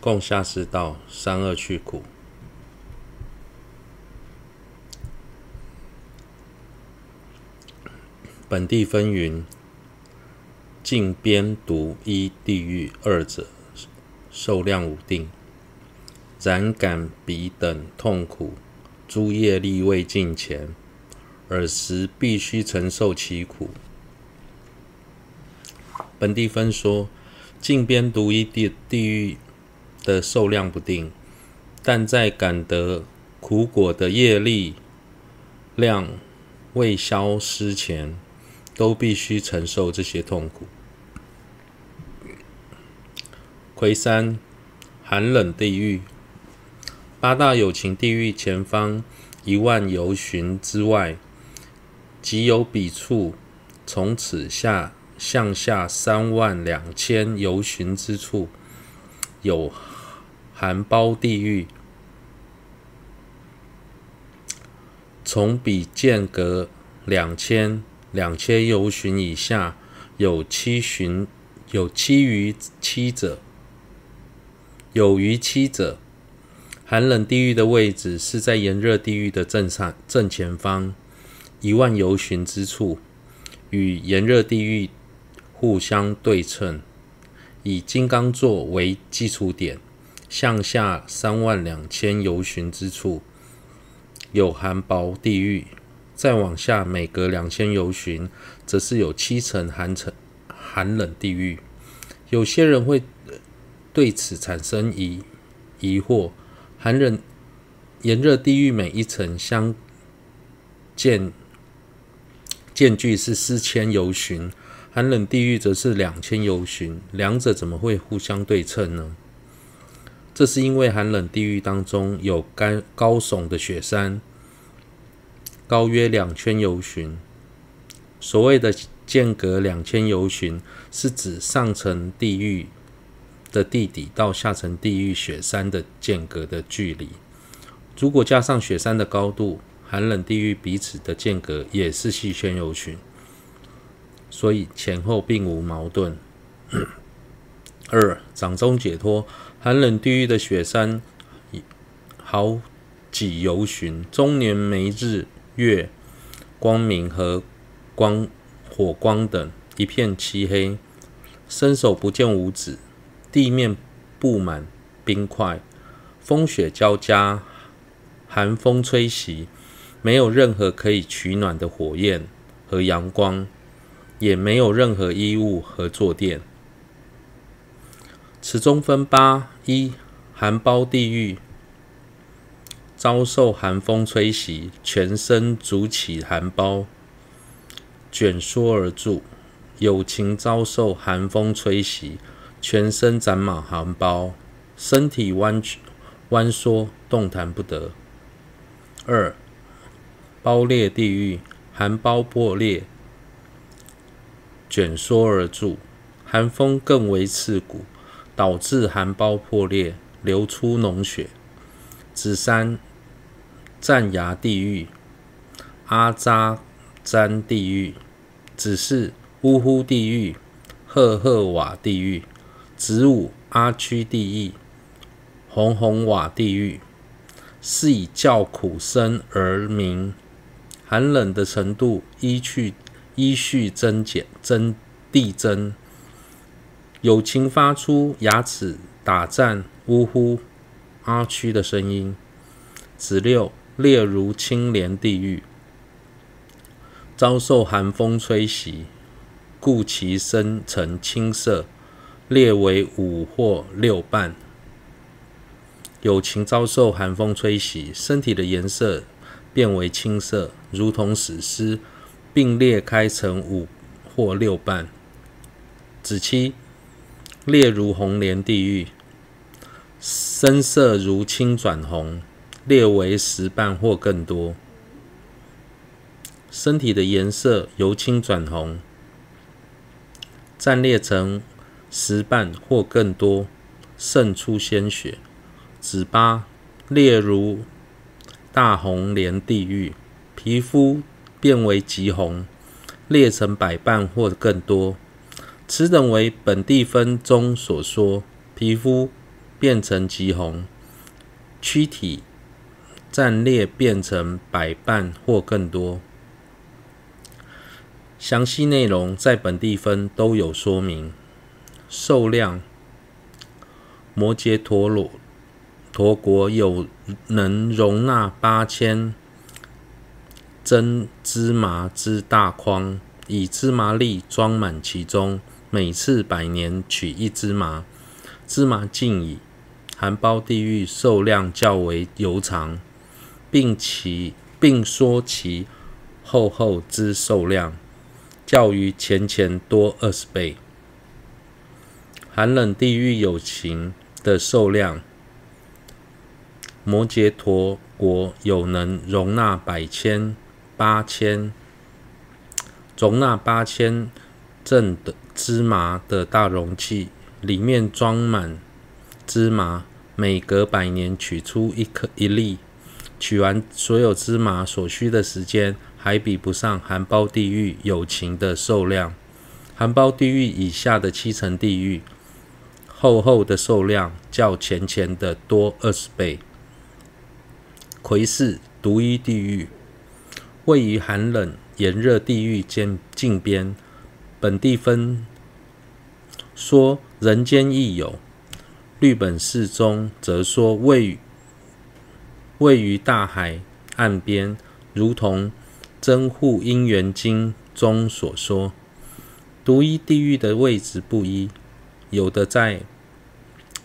共下士道，三惡趣苦，本地分云，近邊獨一地獄二者受量無定，然感彼等痛苦，諸業力未盡前，爾時必須承受其苦。本地分說，近邊獨一地地獄的壽量不定，但在感得苦果的業力量未消失前，都必須承受這些痛苦。魁山寒冷地獄，八大有情地獄前方一萬由旬之外，即有彼處，從此下。向下三萬兩千由旬之處，有寒冰地獄。從彼間隔兩千兩千由旬以下，有七旬有七餘七者，有餘七者。寒冷地獄的位置是在炎熱地獄的正上正前方一萬由旬之處，與炎熱地獄。互相對稱，以金剛座為基礎點，向下三萬兩千由旬之處有寒薄地獄，再往下每隔兩千由旬，則是有七層寒層寒冷地獄。有些人會對此產生疑疑惑，寒冷炎熱地獄每一層相間間距是四千由旬。寒冷地獄則是兩千由旬，兩者怎麼會互相對稱呢？這是因為寒冷地獄當中有高聳的雪山，高約兩千由旬。所謂的間隔兩千由旬，是指上層地獄的地底到下層地獄雪山的間隔的距離。如果加上雪山的高度，寒冷地獄彼此的間隔也是四千由旬。所以前後並無矛盾。 二、掌中解脫，寒冷地獄的雪山，好幾由旬。終年沒日月光明和光火光等，一片漆黑，伸手不見五指。地面布滿冰塊，風雪交加，寒風吹襲，沒有任何可以取暖的火焰和陽光。也沒有任何衣物和坐墊。此中分八，一、寒皰地獄，遭受寒風吹襲，全身煮起寒皰，卷縮而住。有情遭受寒風吹襲，全身長滿寒皰，身體彎曲彎縮，動彈不得。二、皰裂地獄，寒皰破裂。卷縮而住，寒風更為刺骨，導致寒胞破裂，流出膿血。子三、戰牙地獄、阿扎詹地獄、子四、嗚呼地獄、赫赫瓦地獄、子五、阿屈地獄、紅紅瓦地獄，是以叫苦聲而名。寒冷的程度依去。依序增減，增遞增。有情發出牙齒打顫、嗚呼、阿、啊、屈的聲音。子六，列如青蓮地獄，遭受寒風吹襲，故其身呈青色，列為五或六瓣。有情遭受寒風吹襲，身體的顏色變為青色，如同死屍。並裂開成五或六瓣。子七，裂如紅蓮地獄，深色如青轉紅，裂為十瓣或更多。身體的顏色由青轉紅，再裂成十瓣或更多，滲出鮮血。子八，裂如大紅蓮地獄，皮膚。變為極紅，裂成百瓣或更多，此等為本地分中所說。皮膚變成極紅，軀體綻裂變成百瓣或更多。詳細內容在本地分都有說明。壽量，摩揭陀羅陀國有能容納八千，真芝麻之大筐，以芝麻粒裝滿其中，每次百年取一芝麻。芝麻靜矣，含包地域受量較為悠長，並其並說其厚厚之受量，較於前前多二十倍。寒冷地域有情的受量，摩羯陀國有能容納百千。八千容納八千鎮的芝麻的大容器，裡面裝滿芝麻，每隔百年取出一顆一粒，取完所有芝麻所需的時間，還比不上寒皰地獄有情的壽量。寒皰地獄以下的七層地獄，厚厚的壽量較前前的多二十倍。魁世獨一地獄。位於寒冷、炎熱地獄間近邊，本地分說人間亦有；律本釋中則說位於位於大海岸邊，如同《增護因緣經》中所說，獨一地獄的位置不一，有的在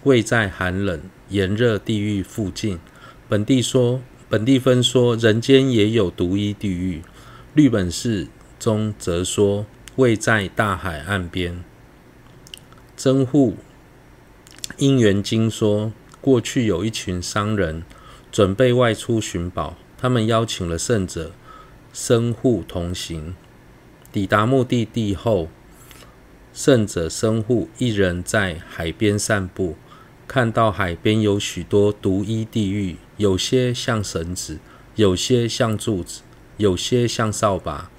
位在寒冷、炎熱地獄附近，本地說。本地分說，人間也有獨一地獄。律本事中則說，位在大海岸邊。僧護因緣經說，過去有一群商人準備外出尋寶，他們邀請了聖者僧護同行。抵達目的地後，聖者僧護一人在海邊散步，看到海邊有許多獨一地獄。有些像繩子，有些像柱子，有些像掃把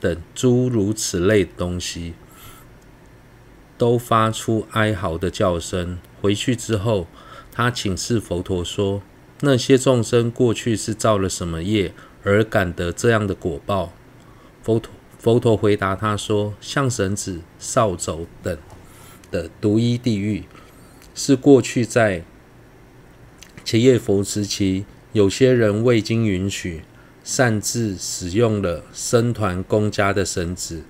等諸如此類的東西，都發出哀嚎的叫聲。回去之後，他請示佛陀說：“那些眾生過去是造了什麼業，而感得這樣的果報？”佛陀佛陀回答他說：“像繩子、掃帚等的獨一地獄，是過去在。”迦葉佛時期，有些人未經允許擅自使用了僧團公家的繩子、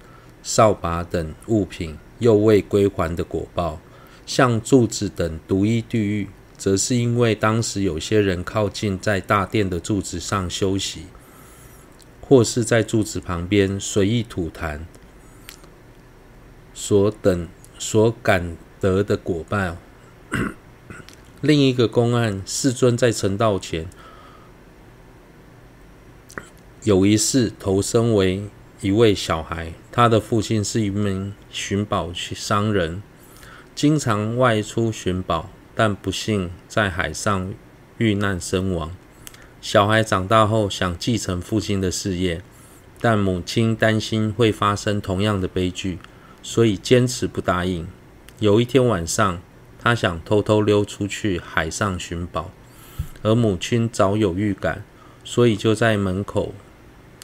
掃把等物品，又未歸還的果報；像柱子等獨一地獄，則是因為當時有些人靠近在大殿的柱子上休息，或是在柱子旁邊隨意吐痰，所等所感得的果報。 另一個公案，世尊在成道前，有一世投生為一位小孩，他的父親是一名尋寶商人，經常外出尋寶，但不幸在海上遇難身亡。小孩長大後想繼承父親的事業，但母親擔心會發生同樣的悲劇，所以堅持不答應。有一天晚上，他想偷偷溜出去海上尋寶，而母親早有預感，所以就在門口，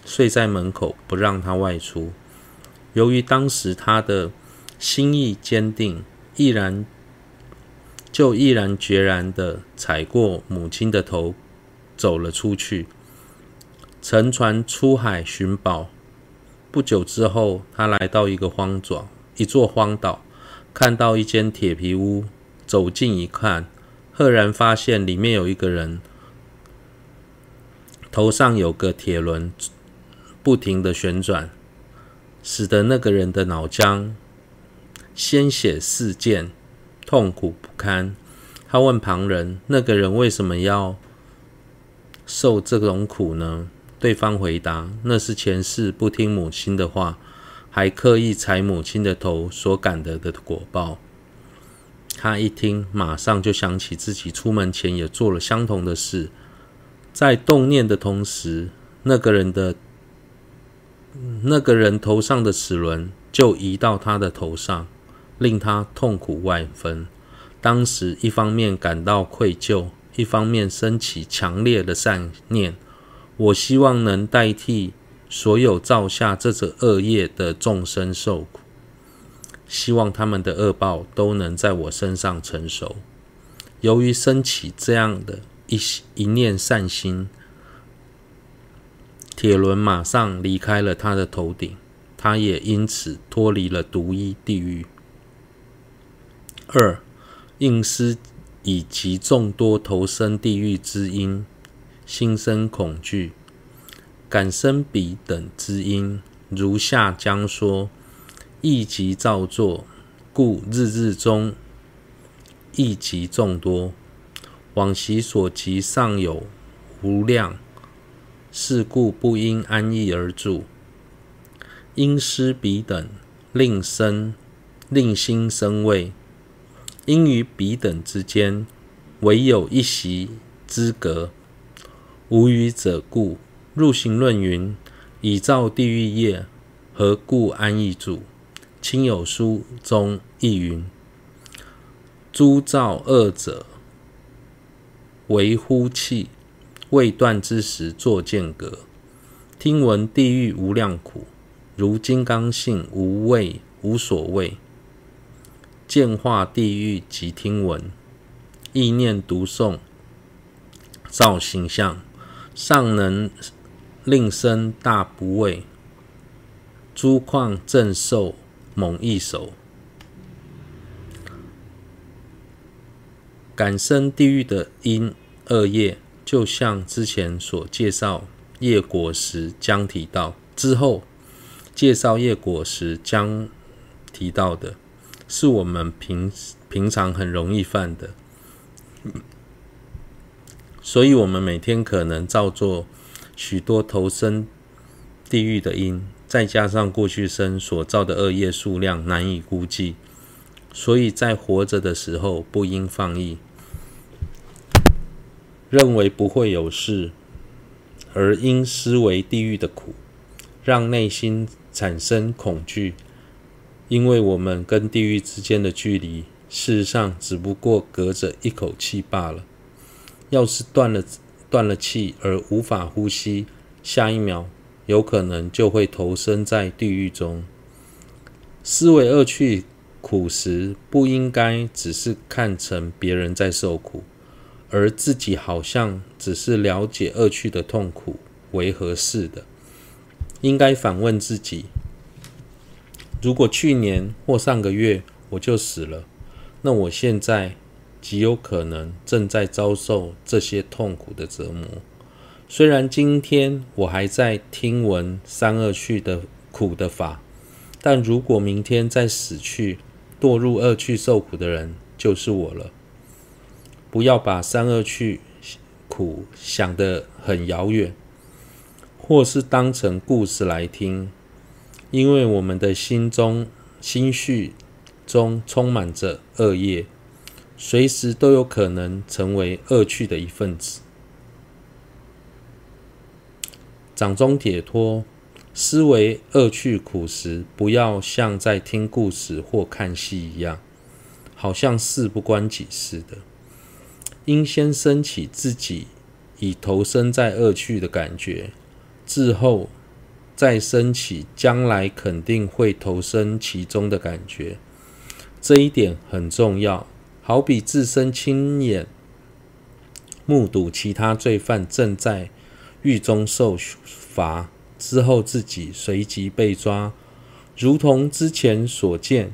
睡在門口，不讓他外出。由於當時他的心意堅定，毅然就毅然決然的踩過母親的頭，走了出去，乘船出海尋寶。不久之後，他來到一個荒島，一座荒島，看到一間鐵皮屋。走近一看，赫然發現裡面有一個人，頭上有個鐵輪，不停的旋轉，使得那個人的腦漿，鮮血四濺，痛苦不堪。他問旁人：“那個人為什麼要受這種苦呢？”對方回答：“那是前世不聽母親的話，還刻意踩母親的頭所感得的果報。”他一聽，馬上就想起自己出門前也做了相同的事，在動念的同時，那個人的那個人頭上的齒輪就移到他的頭上，令他痛苦萬分。當時一方面感到愧疚，一方面生起強烈的善念，我希望能代替所有造下這者惡業的眾生受苦。希望他們的惡報都能在我身上成熟。由於生起這樣的一一念善心，鐵輪，馬上離開了他的頭頂，他也因此脫離了獨一地獄。二、應思以及眾多投身地獄之因，心生恐懼、感生彼等之因，如下將說。亦極造作，故日日中亦極眾多。往昔所集尚有無量，是故不應安逸而住。因思彼等令身，令心生畏。因於彼等之間，唯有一席之隔，無餘者故。入行論云：以造地獄業，何故安逸住？親友書中亦云：諸造惡者，為呼氣未斷之時作間隔。聽聞地獄無量苦，如金剛性無畏，無所謂。見畫地獄及聽聞，意念讀誦，造形象，尚能令生大怖畏。諸況正受。蒙一首，感生地獄的因惡業，就像之前所介紹，業果時將提到之後，介紹業果時將提到的，是我們平平常很容易犯的，所以我們每天可能造作許多投身地獄的因。再加上過去生所造的惡業數量難以估計，所以在活着的時候不應放逸，認為不會有事，而應思維地獄的苦，讓內心產生恐懼。因為我們跟地獄之間的距離，事實上只不過隔着一口氣罷了。要是斷了，斷了氣而無法呼吸，下一秒。有可能就會投身在地獄中。思維惡趣苦時，不應該只是看成別人在受苦，而自己好像只是了解惡趣的痛苦為何事的。應該反問自己：如果去年或上個月我就死了，那我現在極有可能正在遭受這些痛苦的折磨。雖然今天我還在聽聞三惡趣的苦的法，但如果明天再死去，墮入惡趣受苦的人，就是我了。不要把三惡趣苦想得很遙遠，或是當成故事來聽，因為我們的心中，心緒中充滿着惡業，隨時都有可能成為惡趣的一份子。掌中解脫，思維惡趣苦時，不要像在聽故事或看戲一樣，好像事不關己似的。應先生起自己已投生在惡趣的感覺，之後再生起將來肯定會投生其中的感覺。這一點很重要，好比自身親眼目睹其他罪犯正在。獄中受罰之後，自己隨即被抓，如同之前所見，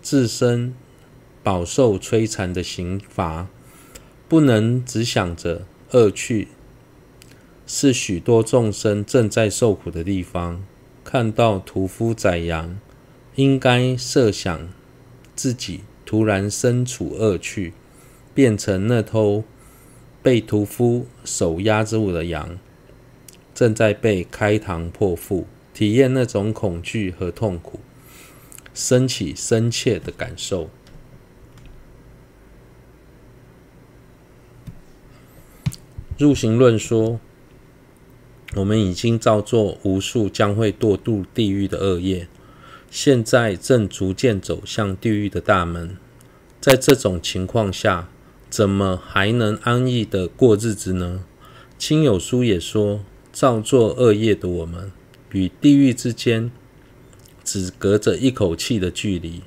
自身飽受摧殘的刑罰，不能只想着惡趣，是許多眾生正在受苦的地方。看到屠夫宰羊，應該設想自己突然身處惡趣，變成那頭被屠夫手壓着的羊，正在被開膛破腹，體驗那種恐懼和痛苦，升起深切的感受。入行論說，我們已經造作無數將會墮入地獄的惡業，現在正逐漸走向地獄的大門。在這種情況下，怎麼還能安逸的過日子呢？親友書也說，造作惡業的我們，與地獄之間只隔着一口氣的距離。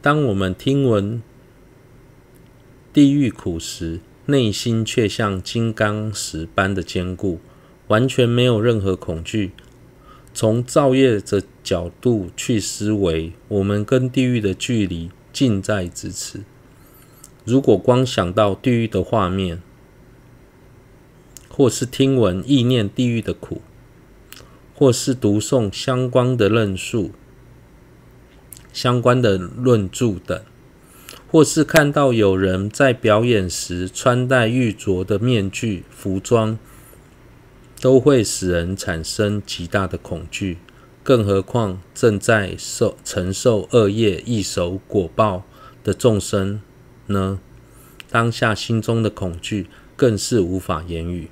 當我們聽聞地獄苦時，內心卻像金剛石般的堅固，完全沒有任何恐懼。從造業的角度去思維，我們跟地獄的距離近在咫尺。如果光想到地獄的畫面，或是聽聞意念地獄的苦，或是讀誦相關的論述、相關的論著等，或是看到有人在表演時穿戴獄卒的面具、服裝，都會使人產生極大的恐懼。更何況正在受承受惡業異熟果報的眾生呢，當下心中的恐懼更是無法言喻，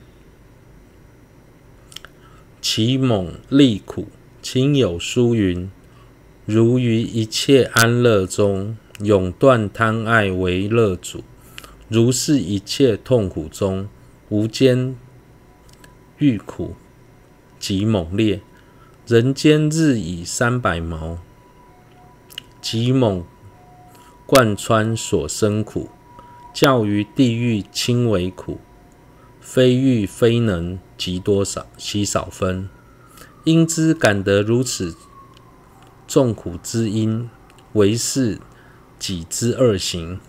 極猛利苦，《親友書》云：如於一切安樂中，永斷貪愛為樂主；如是一切痛苦中，無間欲苦極猛烈，人間日以三百矛，極猛。貫穿所生苦。較於地獄輕微苦，非欲非能及多少稀少分。因之感得如此重苦之因，唯是己之惡行。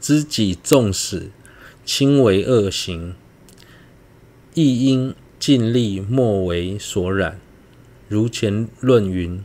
知己縱使輕微惡行，亦應盡力莫為所染。如前論云。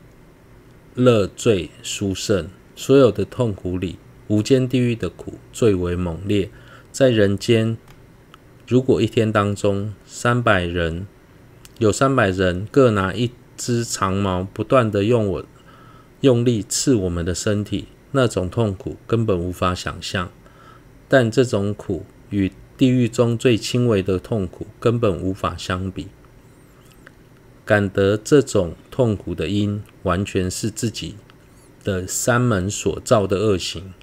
樂罪殊勝，所有的痛苦裡，無間地獄的苦最為猛烈。在人間，如果一天當中三百人，有三百人各拿一支長矛，不斷的用我用力刺我們的身體，那種痛苦根本無法想象。但這種苦與地獄中最輕微的痛苦根本無法相比。感得這種。痛苦的因完全是自己的三門所造的惡行，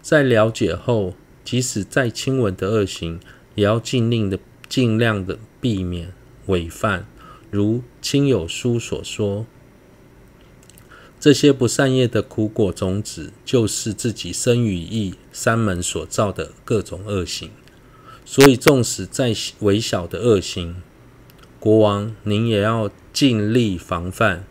在了解後，即使再輕微的惡行，也要盡力的、盡量的避免違犯。如親友書所說，這些不善業的苦果種子，就是自己身、語、意三門所造的各種惡行。所以，縱使再微小的惡行，國王您也要。盡力防範。